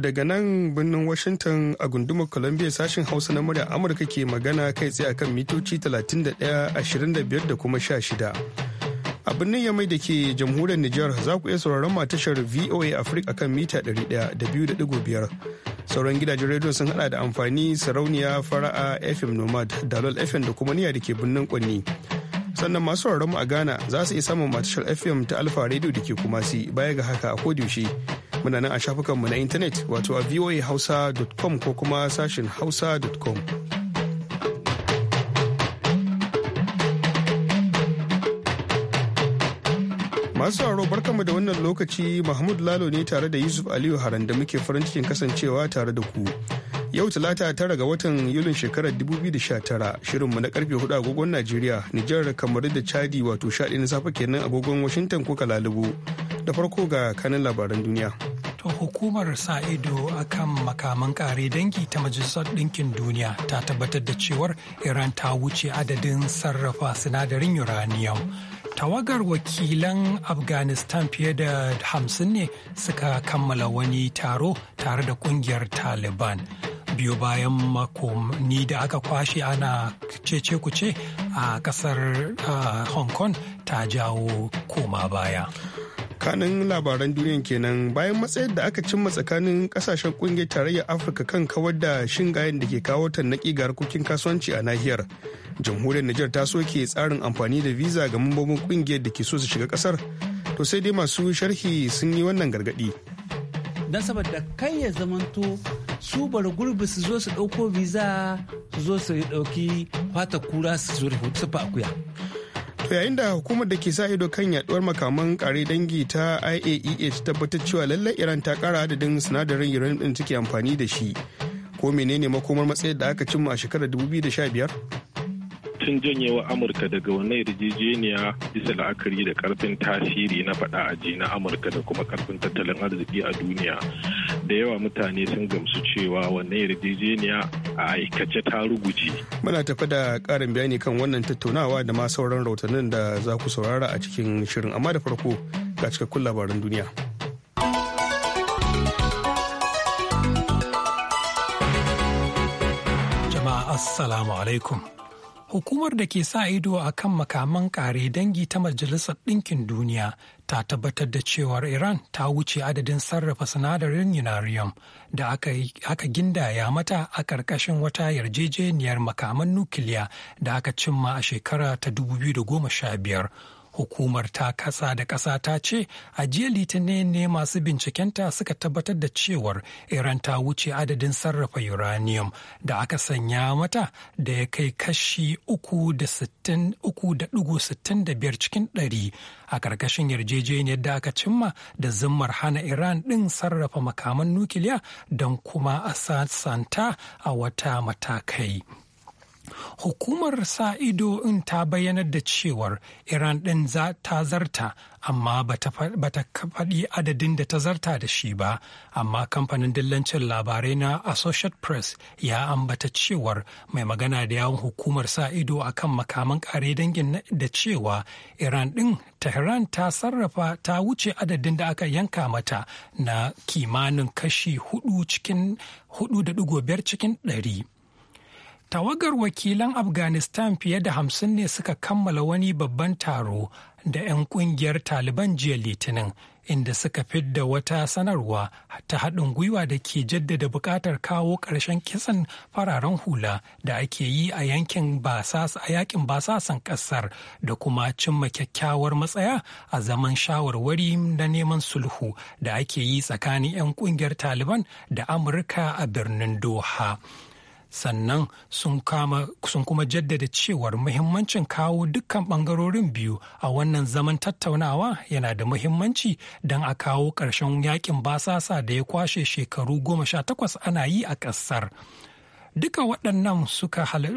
daga nan birnin washington a gundumar columbia sashen hausa na murya amurka ke magana kai tsaye akan mitoci 31 da kuma 16 a birnin yamai da ke jamhuriyar Nijar za ku iya sauraron ma tashar VOA Africa kan mita 100.5 sauran gidajen rediyo sun hada da amfani sarauniya fara'a FM Nomad Dalol FM da kuma niya da ke birnin Kwanni. Sannan masu sauraron mu a Ghana za su iya samun ma tashar FM ta Alfa Radio da ke Kumasi baya ga haka a kodiyoshi muna nan a shafukanmu na intanet wato a voahausa.com ko kuma sashin hausa.com masu sauraro barkanmu da wannan lokaci mahmud lalo ne tare da yusuf aliyu haran da muke farin cikin kasancewa tare da ku yau talata tara ga watan yulin shekarar 2019 shirinmu na karfe 4 agogon najeriya nijar kamar da chadi wato shaɗi na safe kenan agogon washington ko kalalibu. da farko ga kanin labaran duniya. To hukumar sa ido akan makaman kare dangi ta Majalisar Ɗinkin Duniya ta tabbatar da cewar Iran ta wuce adadin sarrafa sinadarin uranium. Tawagar wakilan Afghanistan fiye da hamsin ne suka kammala wani taro tare da kungiyar Taliban. biyu bayan makonni da aka kwashe ana cece kuce a kasar hong kong ta jawo koma baya. tsakanin labaran duniya kenan bayan matsayin da aka cimma tsakanin kasashen kungiyar tarayyar afirka kan kawar da shingayen da ke kawo tannaki ga harkokin kasuwanci a nahiyar jamhuriyar niger ta soke tsarin amfani da visa ga mambobin kungiyar da ke so su shiga kasar to sai dai masu sharhi sun yi wannan gargadi don saboda kan ya zamanto su bar gurbi su zo su dauko visa su zo su ɗauki fata kura su zo su fa akuya To yayin da hukumar da ke sa ido kan yaduwar makaman kare dangi ta IAEA e ta tabbatar cewa lallai Iran ta kara adadin sinadarin uranium din take amfani da shi. Ko menene makomar matsayar da aka cimma a shekarar 2015? janye wa amurka daga wani yarjejeniya bisa la'akari da karfin tasiri na faɗa aji na amurka da kuma karfin tattalin arziki a duniya da yawa mutane sun gamsu cewa wannan yarjejeniya a aikace ta ruguci muna tafi da karin bayani kan wannan tattaunawa da ma sauran rautanin da za ku saurara a cikin shirin amma da farko ga cikakkun labaran duniya jama'a assalamu alaikum Hukumar da ke sa ido a kan makaman kare dangi ta Majalisar Ɗinkin Duniya ta tabbatar da cewar Iran ta wuce adadin sarrafa sinadarin uranium da aka, aka gindaya mata a ƙarƙashin wata yarjejeniyar makaman nukiliya da aka cimma a shekara ta 2015. Hukumar ta kasa da kasa ta ce a jiya litinin ne masu bincikenta suka tabbatar da cewar Iran ta wuce adadin sarrafa uranium da aka sanya mata da ya kai kashi 3.65 cikin ɗari a ƙarƙashin yarjejeniyar da aka cimma da zimmar hana Iran ɗin sarrafa makaman nukiliya don kuma a sasanta a wata matakai. Hukumar sa ido in ta bayyanar da cewar Iran ɗin ta zarta amma bata faɗi adadin da ta zarta da shi ba, amma kamfanin dillancin labarai na Associate Press ya ambata cewar mai magana da yawon hukumar sa ido a kan makaman kare dangin da cewa Iran ɗin Tehran ta sarrafa ta wuce adadin da aka yanka mata na kimanin kashi hudu cikin 4.5 cikin ɗari. Tawagar wakilan Afghanistan fiye da hamsin ne suka kammala wani babban taro da 'yan kungiyar Taliban jiya Litinin, inda suka fidda wata sanarwa ta haɗin gwiwa da ke jaddada buƙatar kawo ƙarshen kisan fararen hula da ake yi a yankin yakin basasan ƙasar da kuma cimma kyakkyawar matsaya a zaman shawarwari na neman sulhu da ake yi tsakanin 'yan kungiyar Taliban da Amurka a birnin Doha. sannan sun kuma jaddada cewar muhimmancin kawo dukkan bangarorin biyu a wannan zaman tattaunawa yana da muhimmanci don a kawo ƙarshen yakin basasa da ya kwashe shekaru goma sha takwas ana yi a ƙasar Duka waɗannan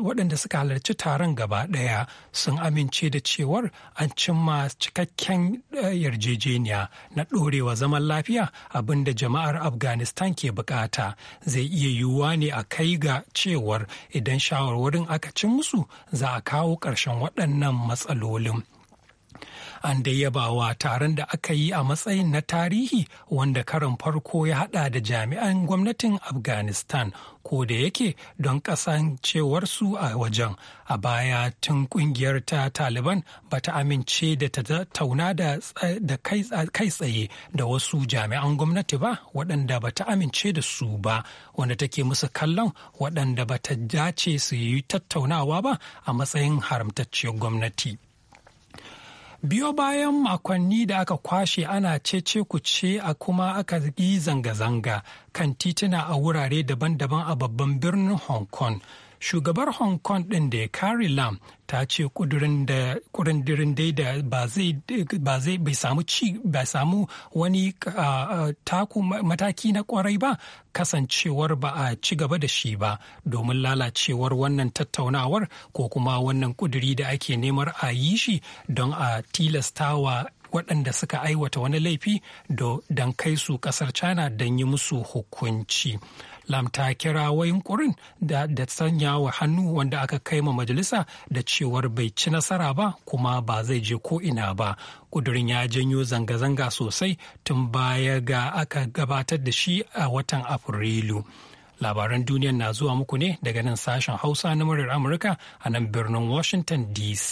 waɗanda suka halarci taron gaba ɗaya sun amince da cewar an cimma cikakken eh, yarjejeniya na ɗorewa zaman lafiya abinda jama'ar Afghanistan ke bukata zai iya yiwuwa ne a kai ga cewar idan shawarwarin aka ci musu za a kawo ƙarshen waɗannan matsalolin. an da yabawa taron da aka yi a matsayin na tarihi wanda karin farko ya hada da jami'an gwamnatin afghanistan ko da yake don kasancewarsu a wajen a baya tun kungiyar ta taliban ba ta amince da ta tauna da kai tsaye da wasu jami'an gwamnati ba waɗanda ba ta amince da su ba wanda take musu kallon waɗanda ba ta dace su yi tattaunawa ba a matsayin haramtacciyar gwamnati. biyo bayan makonni da aka kwashe ana cece kuce a kuma aka yi zanga-zanga kan tituna a wurare daban-daban a babban birnin hong kong shugabar hong kong ɗin da carrie lam ta ce kudurin daida ba zai bai samu ci bai samu wani taku mataki na kwarai ba kasancewar ba a ci gaba da shi ba domin lalacewar wannan tattaunawar ko kuma wannan kuduri da ake nemar a yi shi don a tilastawa waɗanda suka aiwata wani laifi don kai su ƙasar china don yi musu hukunci lam ta kira wayin kurin da da sanya wa hannu wanda aka kai ma majalisa da cewar bai ci nasara ba kuma ba zai je ko ina ba kudurin ya janyo zanga-zanga sosai tun baya ga aka gabatar da shi a watan afrilu labaran duniyar na zuwa muku ne daga nan sashen hausa na muryar amurka a nan birnin washington dc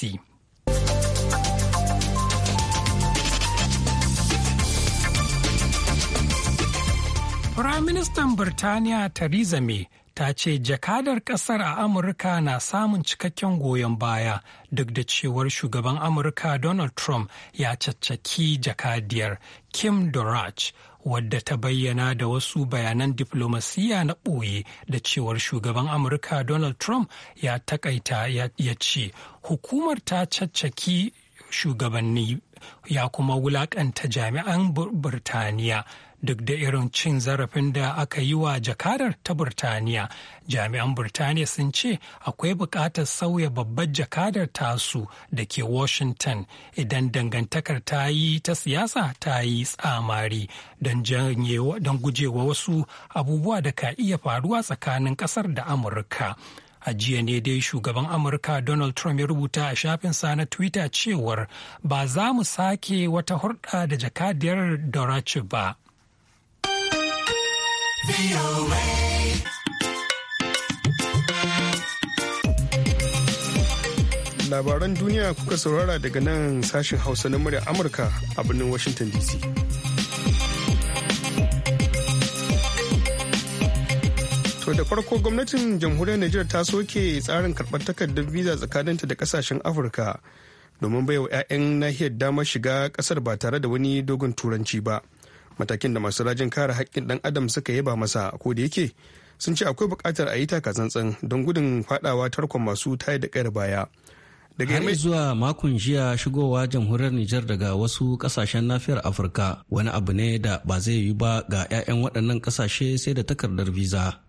Firaministan Birtaniya Theresa May ta ce jakadar kasar a Amurka na samun cikakken goyon baya duk da cewar shugaban Amurka Donald Trump ya caccaki jakadiyar Kim Dorach wadda ta bayyana da wasu bayanan diflomasiya na ɓoye da cewar shugaban Amurka Donald Trump ya takaita ya ce hukumar ta caccaki shugabanni ya kuma wulakanta jami'an Birtaniya duk da irin cin zarafin da aka yi wa jakadar ta Burtaniya. Jami'an Burtaniya sun ce akwai buƙatar sauya babbar jakadar tasu da ke Washington idan dangantakar ta yi ta siyasa ta yi tsamari don gujewa wasu abubuwa da ka iya faruwa tsakanin ƙasar da Amurka. A jiya ne dai shugaban Amurka Donald Trump ya rubuta a shafin sa na Twitter cewar ba za mu sake wata hurɗa da jakadiyar Dorachi ba. Labaran duniya kuka saurara daga nan sashen Hausa na murya Amurka a birnin Washington DC. To da farko gwamnatin jamhuriyar Nijar ta soke tsarin karɓar takardar visa tsakaninta da ƙasashen Afirka domin baiwa 'ya'yan nahiyar damar shiga ƙasar ba tare da wani dogon turanci ba. matakin da masu rajin kare haƙƙin ɗan adam suka yaba masa ko da yake sun ce akwai buƙatar a yi taka tsantsan don gudun faɗawa tarkon masu tayar da ƙayar baya daga har zuwa makon jiya shigowa jamhuriyar Nijar daga wasu ƙasashen nafiyar Afirka wani abu ne da ba zai yi ba ga 'ya'yan waɗannan ƙasashe sai da takardar visa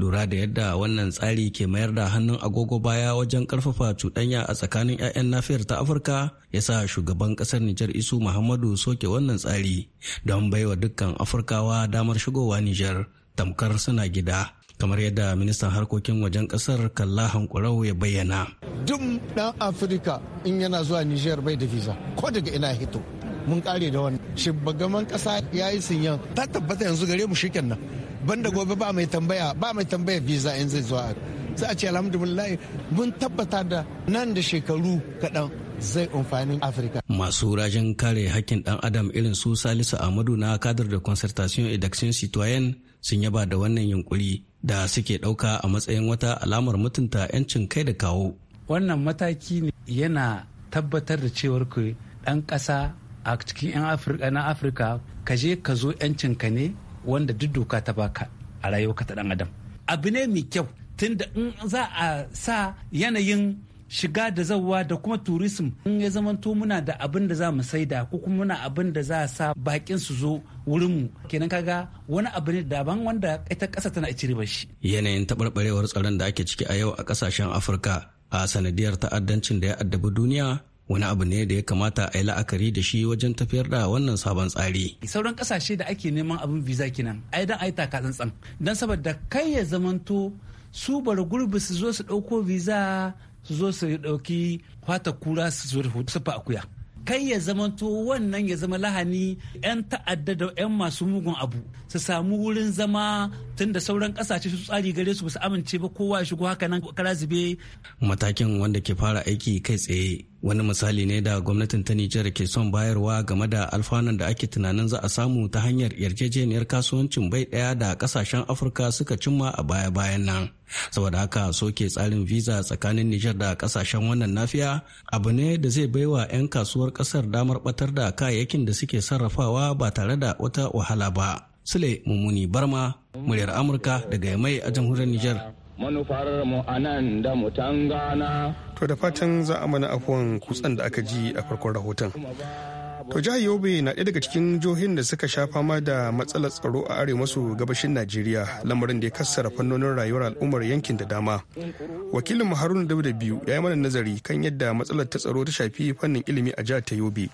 lura da yadda wannan tsari ke mayar da hannun agogo baya wajen karfafa cuɗanya a tsakanin 'ya'yan nafiyar ta afirka ya sa shugaban ƙasar nijar isu muhammadu soke wannan tsari don baiwa dukkan afirkawa damar shigowa nijar tamkar suna gida kamar yadda ministan harkokin wajen ƙasar kalla hankurau ya bayyana duk ɗan afirka in yana zuwa nijar bai da visa ko daga ina hito mun kare da wannan bagaman ƙasa ya yi sinyan ta tabbata yanzu gare mu shikenan banda gobe ba mai tambaya ba mai tambaya visa in zai zuwa za a ce alhamdulillah mun tabbata da nan da shekaru kaɗan zai amfani afirka masu rajin kare hakkin dan adam irin su salisu amadu na kadar da concertation et d'action citoyenne sun yaba da wannan yunkuri da suke ɗauka a matsayin wata alamar mutunta 'yancin kai da kawo wannan mataki ne yana tabbatar da cewar ku ɗan ƙasa a cikin 'yan afirka na afirka ka je ka zo 'yancin ka ne wanda duk doka ta baka a rayuwarka ta dan adam abu ne mai kyau tunda in za a sa yanayin shiga da zawa da kuma turism in ya zamanto muna da abin da za mu saida ko kuma muna abin da za a sa bakin su zo wurinmu kenan kaga wani abu ne daban wanda ita kasa tana ci ribar shi yanayin taɓarɓarewar tsaron da ake ciki a yau a ƙasashen afirka a sanadiyar ta'addancin da ya addabi duniya wani abu ne da ya kamata a yi la'akari da shi wajen tafiyar da wannan sabon tsari. sauran kasashe da ake neman abin visa kenan ai dan ai taka tsantsan dan saboda kai ya zamanto su bar gurbi su zo su dauko visa su zo su dauki kwata kura su zo su fa akuya kai ya zamanto wannan ya zama lahani 'yan ta'adda da 'yan masu mugun abu su samu wurin zama tun da sauran kasashe su tsari gare su ba su amince ba kowa ya shigo haka nan kara zube matakin wanda ke fara aiki kai tsaye wani misali ne da gwamnatin ta nijar ke son bayarwa game da alfanun da ake tunanin za a samu ta hanyar yarjejeniyar kasuwancin bai daya da kasashen afirka suka cimma a baya-bayan nan saboda haka soke tsarin visa tsakanin nijar da kasashen wannan nafiya abu ne da zai baiwa 'yan kasuwar kasar damar batar da kayayyakin da suke sarrafawa ba tare da wata wahala ba sule mummuni barma muryar amurka daga mai a jamhuriyar nijar manufar mu anan da mutan gana to da fatan za a mana afuwan kutsan da aka ji a farkon rahoton to jihar yobe na ɗaya daga cikin jihohin da suka sha fama da matsalar tsaro a arewa maso gabashin najeriya lamarin da ya kassara fannonin rayuwar al'ummar yankin da dama wakilin haruna dauda biyu ya yi mana nazari kan yadda matsalar ta tsaro ta shafi fannin ilimi a jihar ta yobe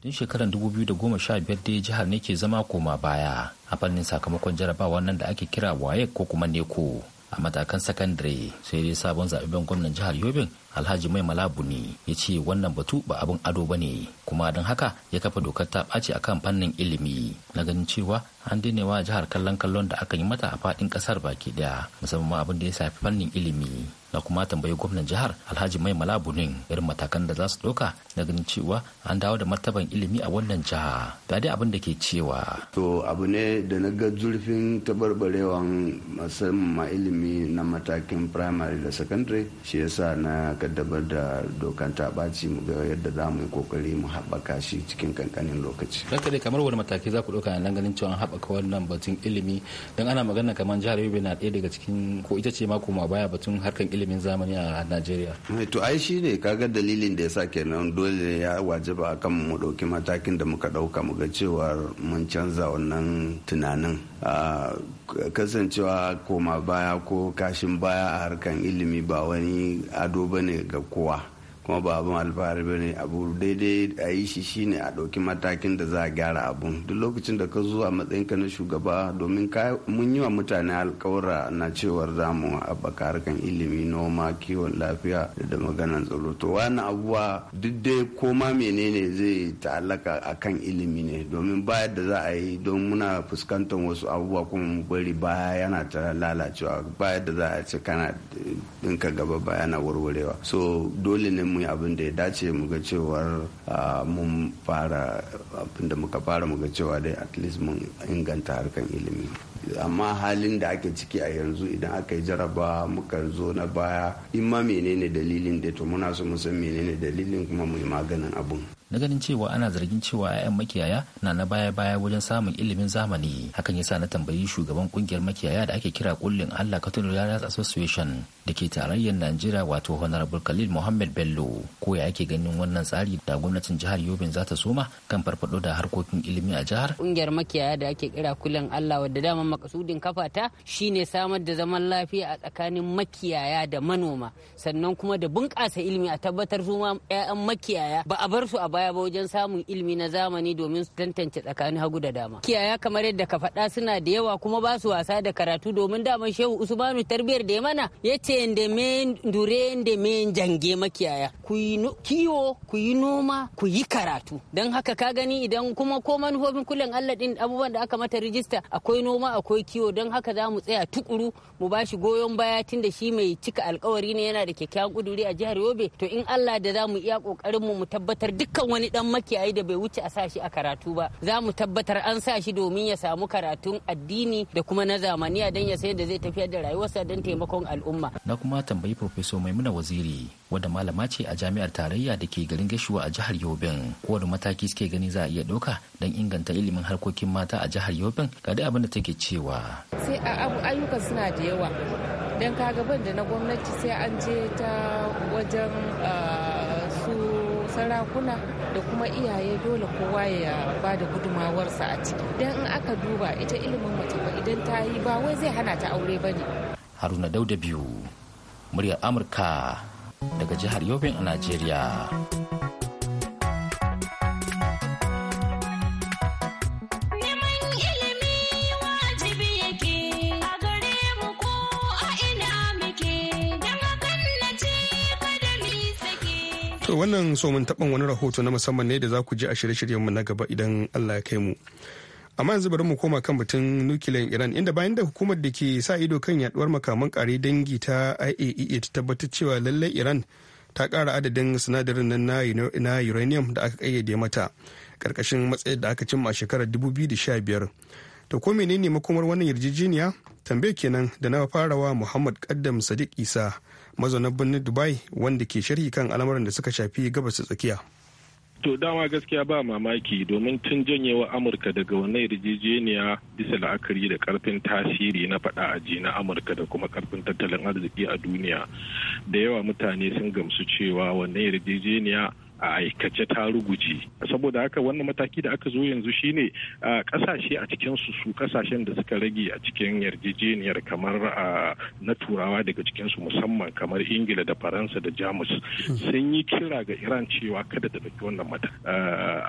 tun shekarar 2015 dai jihar ne ke zama koma baya a fannin sakamakon jarabawa nan da ake kira waye ko kuma neko a matakan sakandare sai dai sabon zaɓen gwamnan jihar yobin alhaji mai malabu ne ya ce wannan batu ba abin ado ba ne kuma don haka ya kafa dokar ta ɓaci akan fannin ilimi na ganin cewa an daina wa jihar kallon kallon da aka yi mata a faɗin ƙasar baki ɗaya musamman abin da ya safi fannin ilimi na kuma tambayi gwamnan jihar alhaji mai malabunin irin matakan da za su ɗauka na ganin cewa an dawo da martaban ilimi a wannan jiha da dai abin da ke cewa to abu ne da na ga zurfin tabarbarewan musamman ilimi na matakin primary da secondary shi yasa na kaddabar da dokan ta ɓaci mu ga yadda za mu yi kokari mu haɓaka shi cikin kankanin lokaci ranka dai kamar wani mataki za ku ɗauka nan ganin cewa an haɓaka wannan batun ilimi don ana magana kamar jihar yobe na ɗaya daga cikin ko ita ce ma koma baya batun harkan ilimi ilimin zamani a Najeriya. Eh, to ai shi ne kaga dalilin da ya sa kenan dole ya wajaba akan mu ɗauki matakin da muka ɗauka muga cewa mun canza wannan tunanin. kasancewa koma baya ko kashin baya a harkan ilimi ba wani ado bane ga kowa kuma ba abin alfahari ba ne abu daidai a yi shi shine a ɗauki matakin da za a gyara abun duk lokacin da ka zo a matsayin ka na shugaba domin mun yi wa mutane alkawura na cewar zamu haɓaka harkan ilimi noma kiwon lafiya da da maganan tsaro to wani abuwa duk dai koma menene zai ta'allaka a kan ilimi ne domin ba da za a yi don muna fuskantar wasu abubuwa kuma mu bari baya yana ta lalacewa ba da za a ce kana ɗinka gaba baya na warwarewa so dole ne mu yi abin da ya dace mu ga cewar mun fara abin da muka fara mu ga cewa dai at least mun inganta harkan ilimi amma halin da ake ciki a yanzu idan aka yi jaraba muka zo na baya in ma menene dalilin da to muna so mu san menene dalilin kuma mu yi maganin abun na ganin cewa ana zargin cewa 'ya'yan makiyaya na na baya-baya wajen samun ilimin zamani hakan yasa na tambayi shugaban kungiyar makiyaya da ake kira kullin Allah Cattle Lawyers Association da ke tarayyar Najeriya wato Honorable Khalil Muhammad Bello ko ya ake ganin wannan tsari da gwamnatin jihar Yobin za ta soma kan farfado da harkokin ilimi a jihar kungiyar makiyaya da ake kira kullin Allah wadda dama makasudin kafata shine samar da zaman lafiya a tsakanin makiyaya da manoma sannan kuma da bunƙasa ilimi a tabbatar su ma 'ya'yan makiyaya ba a bar su a baya ba wajen samun ilimi na zamani domin su tantance tsakanin hagu da dama kiyaya kamar yadda ka faɗa suna da yawa kuma ba su wasa da karatu domin dama shehu usmanu tarbiyar da ya mana ya ce yadda dure yadda me jange makiyaya ku yi kiwo ku yi noma ku yi karatu don haka ka gani idan kuma ko manufofin kullum allah ɗin abubuwan da aka mata rijista akwai noma akwai kiwo don haka za mu tsaya tukuru mu ba shi goyon baya tun da shi mai cika alkawari ne yana da kyakkyawan kuduri a jihar yobe to in allah da za mu iya kokarin mu mu tabbatar dukkan wani dan makiyayi da bai wuce a sa shi a karatu ba za mu tabbatar an sa shi domin ya samu karatun addini da kuma na zamaniya don ya sayar da zai tafiyar da rayuwarsa don taimakon al'umma na kuma tambayi profeso maimuna waziri wadda malama ce a jami'ar tarayya da ke garin gashuwa a jihar yobin kowane mataki suke gani za a iya ɗauka don inganta ilimin harkokin mata a jihar yobin ga dai abin da take cewa sai a abu ayyuka suna da yawa don kaga ban da na gwamnati sai an je ta wajen ah, sarakuna da kuma iyaye dole kowa ya ba da gudumawarsa a ciki don in aka duba ita ilimin mace ba idan ta yi ba wai zai hana ta aure ba ne haruna dauda biyu muryar amurka daga jihar yobin a najeriya wannan so mun taɓa wani rahoto na musamman ne da za ku ji a shirye-shiryenmu na gaba idan Allah ya kai mu. amma yanzu bari mu koma kan batun nukiliyan iran inda bayan da hukumar da ke sa ido kan yaduwar makaman kare dangi ta iaea e ta tabbatar cewa lallai iran ta kara adadin sinadarin nan na uranium da aka kayyade mata karkashin matsayin da aka cimma a shekarar 2015 to ko menene makomar wannan yarjejeniya tambaye kenan da na farawa muhammad kaddam sadiq isa mazaunan birnin dubai wanda ke sharhi kan al'amuran da suka shafi gabas ta tsakiya to dama gaskiya ba mamaki domin tun janyewa amurka daga wannan yarjejeniya bisa la'akari da karfin tasiri na faɗa aji na amurka da kuma karfin tattalin arziki a duniya da yawa mutane sun gamsu cewa wannan yarjejeniya a aikace ta ruguje saboda haka wannan mataki da aka zo yanzu shine kasashe a cikin su su kasashen da suka rage a cikin yarjejeniyar kamar na turawa daga cikin su musamman kamar ingila da faransa da jamus sun yi kira ga iran cewa kada ta daki wannan mata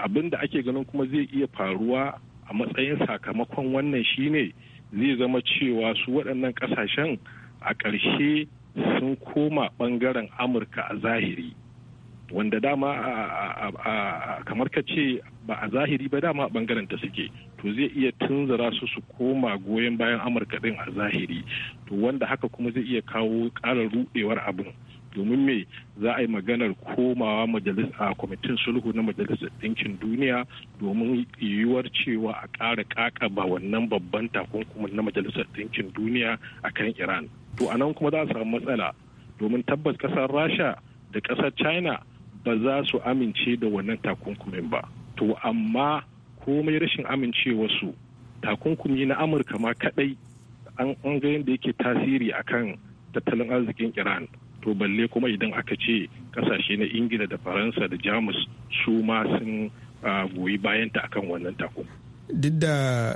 abin da ake ganin kuma zai iya faruwa a matsayin sakamakon wannan shine zai zama cewa su waɗannan kasashen a ƙarshe sun koma ɓangaren amurka a zahiri wanda dama kamar ka ce ba a zahiri ba dama bangaren ta suke to zai iya tunzura su su koma goyon bayan amurka din a zahiri to wanda haka kuma zai iya kawo ƙarar rudewar abin domin me za a yi maganar komawa a kwamitin sulhu na majalisar ɗinkin duniya domin yiwuwar cewa a ƙara ba wannan babban takunkumin na majalisar ɗinkin duniya a kan iran to a nan kuma za a samu matsala domin tabbas ƙasar rasha da ƙasar china ba za su amince da wannan takunkumin ba to amma komai rashin amincewarsu takunkumi na amurka ma kadai an ga yadda yake tasiri akan tattalin arzikin iran to balle kuma idan aka ce kasashe na ingila da faransa da jamus su ma sun goyi bayanta akan wannan takunkumi duk da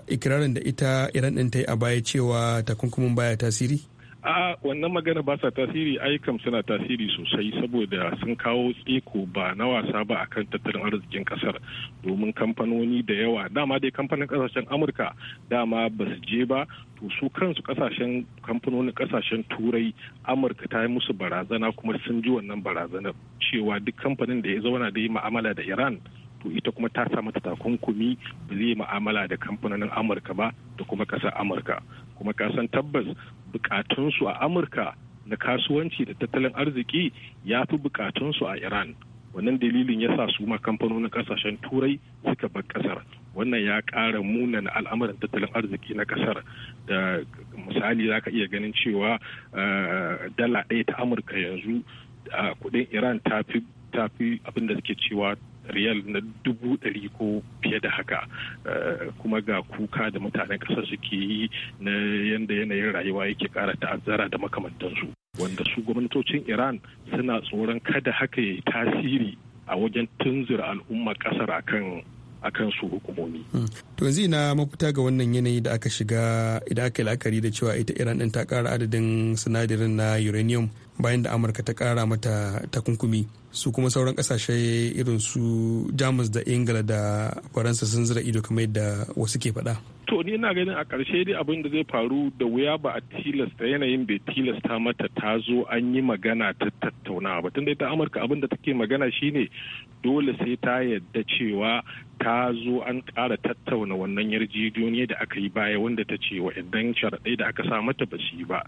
ikirarin da ita iran ɗin ta yi a baya cewa takunkumin baya tasiri a wannan magana ba sa tasiri aikam suna tasiri sosai saboda sun kawo tseko ba na wasa ba akan tattalin arzikin kasar domin kamfanoni da yawa dama dai kamfanin kasashen amurka dama ba su je ba to su kansu kasashen kamfanonin kasashen turai amurka ta yi musu barazana kuma sun ji wannan barazanar cewa duk kamfanin da ya zauna da yi ma'amala da iran to ita kuma ta sa mata takunkumi ba zai yi ma'amala da kamfanonin amurka ba da kuma kasar amurka kuma kasan tabbas bukatunsu a amurka na kasuwanci da tattalin arziki ya fi bukatunsu a iran wannan dalilin ya sa su ma kamfanonin kasashen turai suka bar kasar wannan ya ƙara munana al'amuran tattalin arziki na kasar da misali za ka iya ganin cewa eh, dala ɗaya ta amurka yanzu eh, kudin iran ta fi abin da suke cewa riyal na dubu ɗari ko fiye da haka eh, kuma ga kuka da mutanen ƙasa suke yi na yadda yanayin rayuwa yake ƙara ta'azzara da makamantansu wanda su gwamnatocin iran suna tsoron kada haka ya tasiri a wajen tunzura al'umma ƙasar akan akan su hukumomi. Hmm. To yanzu ina mafita ga wannan yanayi da aka shiga idan aka yi la'akari da cewa ita Iran ɗin ta ƙara adadin sinadarin na uranium bayan da amurka ta kara mata takunkumi su kuma sauran kasashe irin su jamus da ingila da faransa sun zira ido kamar yadda wasu ke faɗa to ni ina ganin a ƙarshe dai abin da zai faru da wuya ba a tilasta yanayin bai tilasta mata ta zo an yi magana ta tattauna ba tun dai ta amurka abin da take magana shine dole sai ta yadda cewa ta zo an ƙara tattauna wannan yarjejeniya da aka yi baya wanda ta ce wa idan sharaɗai da aka sa mata ba shi ba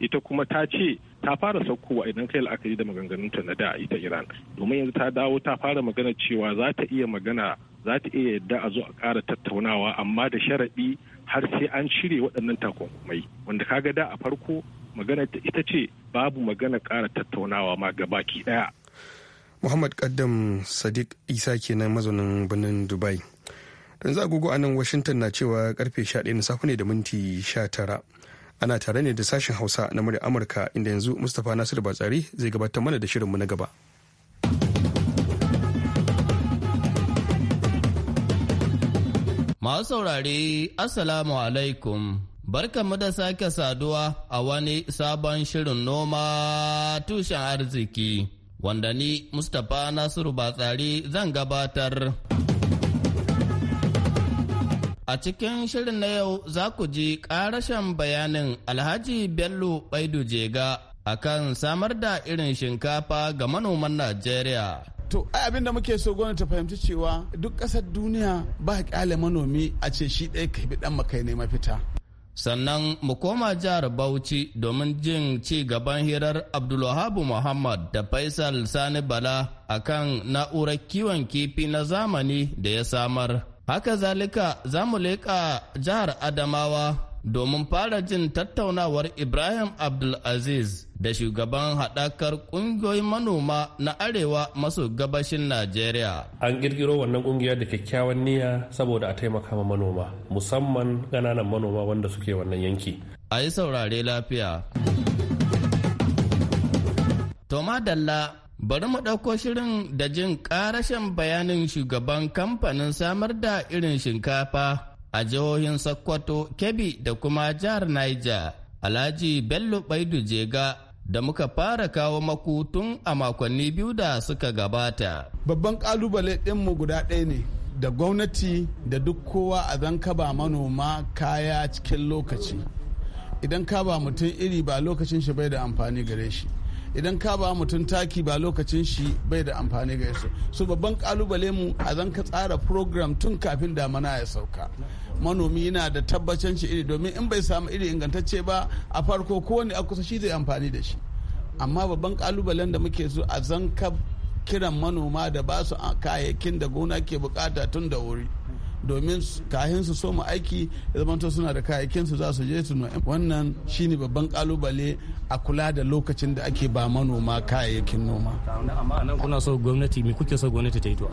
ita kuma ta ce ta fara saukowa idan kai la'akari da maganganunta na da ita iran domin yanzu ta dawo ta fara magana cewa za ta iya magana za ta iya yadda a zo a kara tattaunawa amma da sharaɗi har sai an shirya waɗannan takunkumai wanda kaga da a farko magana ita ce babu magana kara tattaunawa ma gabaki ɗaya muhammad kaddam sadiq isa kenan mazaunin birnin dubai yanzu agogo a nan washington na cewa karfe 11 na safe ne da minti 19 ana tare ne da sashen hausa na murya amurka inda yanzu mustapha nasir batsari zai gabatar mana da shirinmu na gaba masu saurare assalamu alaikum barkanmu da sake saduwa a wani sabon shirin noma tushen arziki wanda ni Mustapha Nasiru Batsari zan gabatar. A cikin shirin na yau za ku ji karashen bayanin Alhaji Bello Baidu Jega a kan samar da irin shinkafa ga manoman Najeriya. to ai abinda muke so gwamnati ta fahimci cewa duk ƙasar duniya ba ƙyale manomi a ce shi ɗaya ka bi dan makai ne mafita sannan mu koma jihar bauchi domin jin ci gaban hirar abdulwahabu muhammad da faisal sani bala a kan na'urar kiwon kifi na zamani da ya samar haka zalika za mu leƙa jihar adamawa domin fara jin tattaunawar Ibrahim Abdulaziz da shugaban haɗakar ƙungiyoyin manoma na arewa maso gabashin Najeriya. An ƙirƙiro wannan ƙungiya da kyakkyawan niyya saboda a taimaka ma manoma, musamman ƙananan manoma wanda suke wannan yanki. A yi saurare lafiya. bari mu ɗauko shirin da jin ƙarashin bayanin shugaban kamfanin samar da irin shinkafa a jihohin Sokoto, Kebbi da kuma jihar Niger, Alhaji Bello Baidu Jega da muka fara kawo maku tun a makonni biyu da suka gabata. Babban kalubale ɗinmu guda ɗaya ne. Da gwamnati da duk kowa a zan kaba manoma kaya cikin lokaci. Idan ka ba mutum iri ba lokacin shi bai da amfani gare shi. idan ka ba mutum taki ba lokacin shi bai da amfani ga su babban kalubale mu a zan ka tsara program tun kafin damana ya sauka manomi yana da tabbacin shi iri domin in bai samu iri ingantacce ba a farko kowane a kusa shi zai amfani da shi amma babban kalubalen da muke so a zan ka kiran manoma da ba su kayayyakin da gona ke bukata tun da wuri domin kahin su so aiki ya suna da kayayyakin su za su je su wannan shine babban kalubale a kula da lokacin da ake ba manoma kayayyakin noma amma anan kuna so gwamnati me kuke so gwamnati ta yi to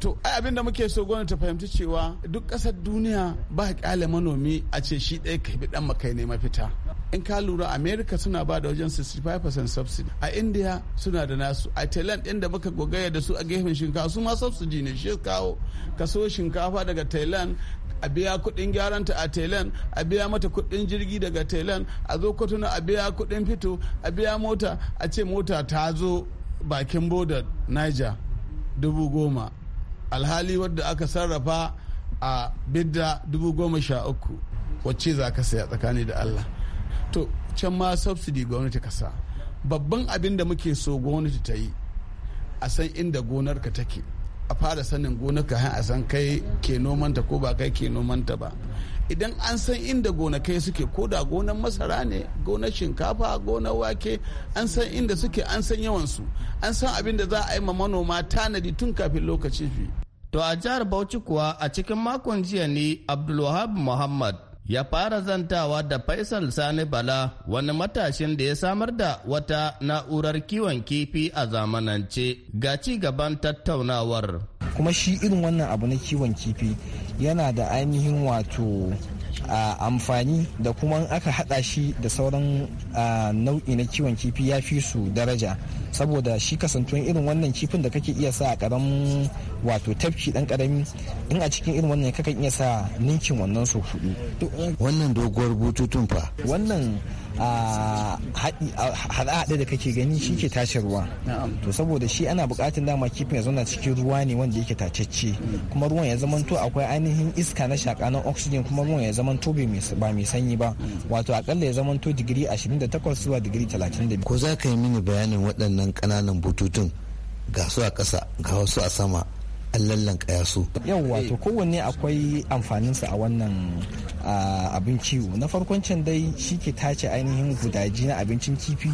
to ai abin da muke so gwamnati ta fahimci cewa duk ƙasar duniya ba kyale manomi a ce shi ɗaya ka bi dan makai ne mafita in ka lura america suna ba da wajen 65% subsidy a india suna da nasu a thailand inda baka gogaya da su a gefen shinkafa su ma subsidy ne shi kawo kaso shinkafa daga thailand a biya kudin gyaranta a thailand a biya mata kudin jirgi daga thailand a zo kotuna a biya kudin fito a biya mota a ce mota ta zo bakin bodar niger dubu goma alhali wadda aka sarrafa a bidda dubu goma sha uku wacce za ka saya tsakani da allah to can ma subsidy gwamnati kasa babban abin da muke so gwamnati ta yi a san inda gonarka take a fara sanin gonarka har a san kai ke nomanta ko ba kai ke nomanta ba idan an san inda gonakai suke ko da gonar masara ne gonar shinkafa gonar wake an san inda suke an san yawansu an san abin da za a yi ma manoma tanadi tun kafin lokaci. fi to a jihar bauchi kuwa a cikin makon jiya ne abdulwahab muhammad ya fara zantawa da Faisal Sani Bala wani matashin da ya samar da wata na'urar kiwon kifi a zamanance ga ci gaban tattaunawar. Kuma shi irin wannan abu na kiwon kifi yana da ainihin wato a amfani da kuma aka hada shi da sauran nau'i na kiwon kifi ya fi su daraja saboda shi kasantuwan irin wannan kifin da kake iya sa a karamin wato tafki dan karami in a cikin irin wannan kakan iya sa ninkin wannan so hudu wannan doguwar bututun fa wannan haɗe da kake gani shi ke tashi ruwa to saboda shi ana buƙatar dama kifin ya zauna cikin ruwa ne wanda yake tacecce kuma ruwan ya to akwai ainihin iska na shaka na oxygen kuma ruwan ya to ba mai sanyi ba wato akalla ya to digiri 28 zuwa digiri 32 ko za ka yi mini bayanin waɗannan ƙananan bututun ga su a ƙasa ga wasu a sama an lallanka su yau wato kowanne akwai amfaninsa a wannan abin na farkon can dai shi ke tace ainihin gudaji na abincin kifi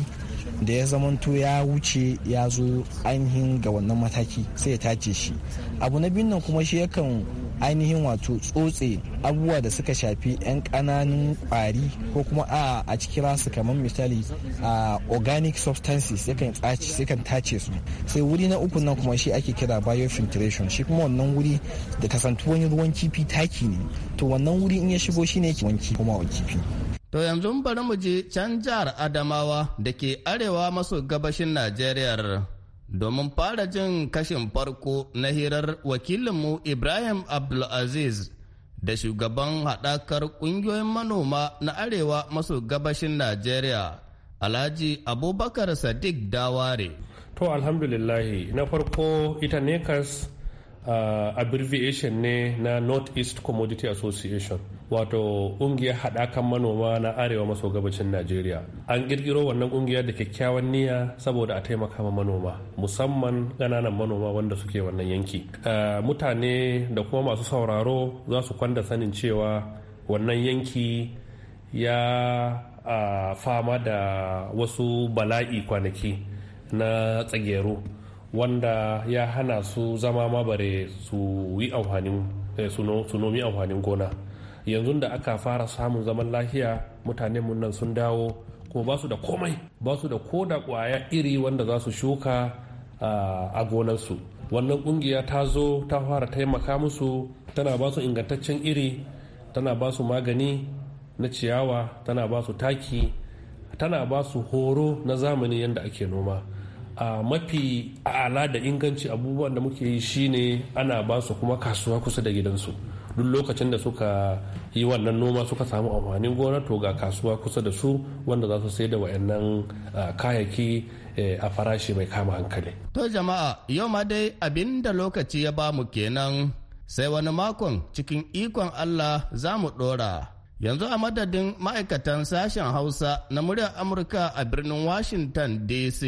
da ya zamanto ya wuce ya zo ainihin ga wannan mataki sai ya tace shi abu na biyun nan kuma shi yakan ainihin wato tsotse abubuwa da suka shafi 'yan ƙananun ƙwari ko kuma a a ciki su kamar misali a organic substances yakan tsaci yakan tace su sai wuri na uku nan kuma shi ake kira biofiltration shi kuma wannan wuri da kasantu wani ruwan kifi taki ne to wannan wuri in ya shigo shi ne wanki kuma wa kifi To yanzu bari mu je can jihar Adamawa da ke arewa maso gabashin Najeriya. domin fara jin kashin farko na hirar wakilinmu Ibrahim Abdulaziz da shugaban haɗakar ƙungiyoyin manoma na arewa maso gabashin Najeriya, Alhaji Abubakar Sadiq Daware. To alhamdulillahi na farko ita nekas uh, abbreviation ne na north east commodity association wato ƙungiyar haɗakan manoma na arewa maso gabacin najeriya an ƙirƙiro wannan ƙungiyar da kyakkyawan niyya saboda a taimaka ma manoma musamman ƙananan manoma wanda suke wannan yanki uh, mutane da kuma masu sauraro za su kwanda sanin cewa wannan yanki ya uh, fama da wasu bala'i kwanaki na tsageru wanda ya hana su zama ma bare su amfanin eh, nomi amfanin gona yanzu da aka fara samun zaman lafiya mutane mun nan sun dawo kuma ba su da komai ba su da ko da kwaya iri wanda za su shuka a gonarsu wannan kungiya ta zo ta fara taimaka musu tana ba su ingantaccen iri tana ba su magani na ciyawa tana ba su taki tana ba su horo na zamani yadda ake noma a mafi ala da inganci abubuwan da muke yi shine ana ba su kuma kasuwa kusa da gidansu duk lokacin da suka yi wannan noma suka samu amfanin gona to ga kasuwa kusa da su wanda za su sai da wayannan kayaki e, a farashi mai kama hankali to jama'a yau ma dai abin da lokaci ya ba mu kenan sai wani makon cikin ikon allah za mu dora yanzu a madadin ma'aikatan sashen hausa na muryar amurka a birnin washington dc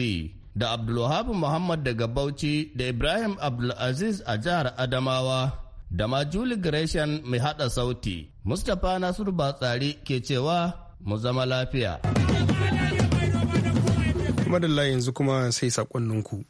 da Abdulwahab Muhammad daga Bauchi da Ibrahim Abdulaziz a jihar Adamawa da ma Julie Gresham mai hada sauti. Mustapha Nasiru Batsari ke cewa mu zama lafiya. Madalla yanzu kuma sai saƙonninku.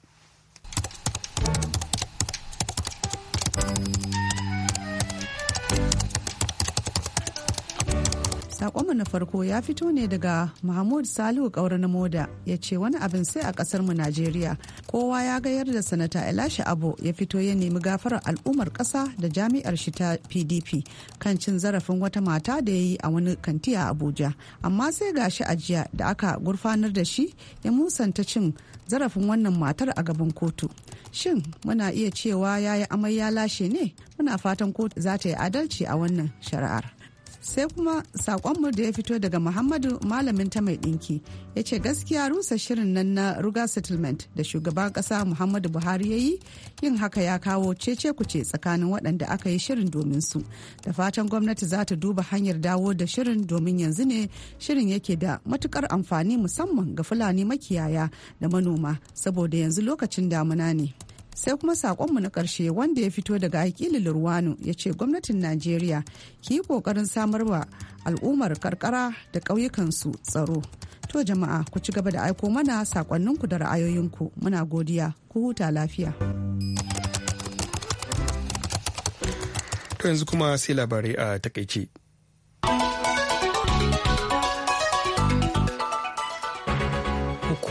Sakonmu na farko ya fito ne daga Mahmud Salihu Kaura na Moda ya ce wani abin sai a kasar mu Najeriya. Kowa ya ga yarda sanata Elisha abu ya fito ya nemi gafarar al'ummar kasa da jami'ar shi ta PDP kan cin zarafin wata mata da ya yi a wani kanti a Abuja. Amma sai gashi a jiya da aka gurfanar da shi ya musanta cin zarafin wannan matar a gaban kotu. Shin muna iya cewa ya yi amai ya lashe ne? Muna fatan kotu za ta yi adalci a wannan shari'ar. sai kuma sakonmu da ya fito daga muhammadu malamin ta mai ɗinki ya ce gaskiya rusa shirin nan na ruga settlement da shugaban kasa muhammadu buhari ya yi yin haka ya kawo cece kuce tsakanin waɗanda aka yi shirin domin su da fatan gwamnati za ta duba hanyar dawo da shirin domin yanzu ne shirin yake da matukar amfani musamman ga fulani makiyaya da manoma saboda yanzu lokacin damuna ne sai kuma sakonmu na karshe wanda ya fito daga aikilil ruwanu ya ce gwamnatin najeriya ki yi kokarin samar wa al'ummar karkara da ƙauyukansu tsaro to jama'a ku ci gaba da aiko mana sakonninku da ra'ayoyinku muna godiya ku huta lafiya to yanzu kuma sai labarai a takaice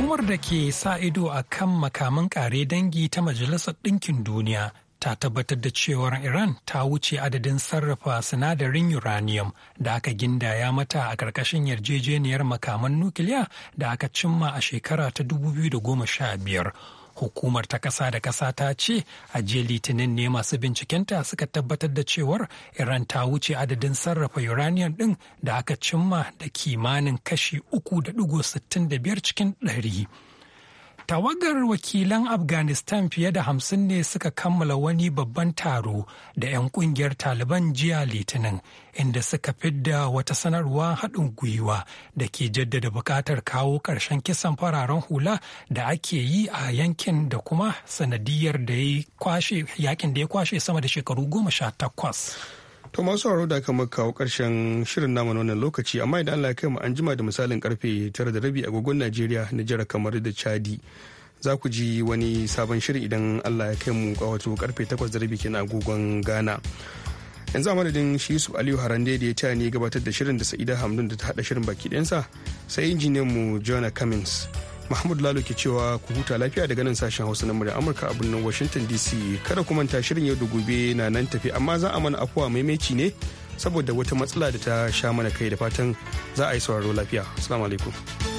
Hukumar da ke sa ido a kan makaman ƙare dangi ta Majalisar Ɗinkin Duniya ta tabbatar da cewar Iran ta wuce adadin sarrafa sinadarin uranium da aka gindaya mata a ƙarƙashin yarjejeniyar makaman nukiliya da aka cimma a shekara ta 2015. Hukumar ta ƙasa da ƙasa ta ce a jiya litinin ne masu bincikenta suka tabbatar da cewar Iran ta wuce adadin sarrafa uranium din da aka cimma da kimanin kashi 3.65 cikin ɗari. Tawagar wakilan Afghanistan fiye da hamsin ne suka kammala wani babban taro da 'yan kungiyar Taliban jiya Litinin, inda suka fidda wata sanarwa haɗin gwiwa da ke jaddada buƙatar kawo ƙarshen kisan fararen hula da ake yi a yankin da kuma sanadiyar da ya kwashe yakin da ya kwashe sama da shekaru goma sha takwas. To masu sauraro da aka kawo karshen shirin namu na wannan lokaci amma idan Allah ya kai mu an jima da misalin karfe tara da rabi agogon Najeriya jira kamar da Chadi. Za ku ji wani sabon shirin idan Allah ya kai mu kawato karfe takwas da rabi kenan agogon Ghana. Yanzu a madadin shi Yusuf Aliyu Harande da ya ta ne gabatar da shirin da Sa'ida Hamdun da ta hada shirin baki ɗansa sai injiniyan mu Jonah Cummings. mahmud lalo ke cewa ku huta lafiya daga nan sashen hausa na murya amurka a birnin washington dc kada ku manta shirin yau da gobe na nan tafi amma za a mana afuwa maimaici ne saboda wata matsala da ta sha mana kai da fatan za a yi sauraro lafiya assalamu alaikum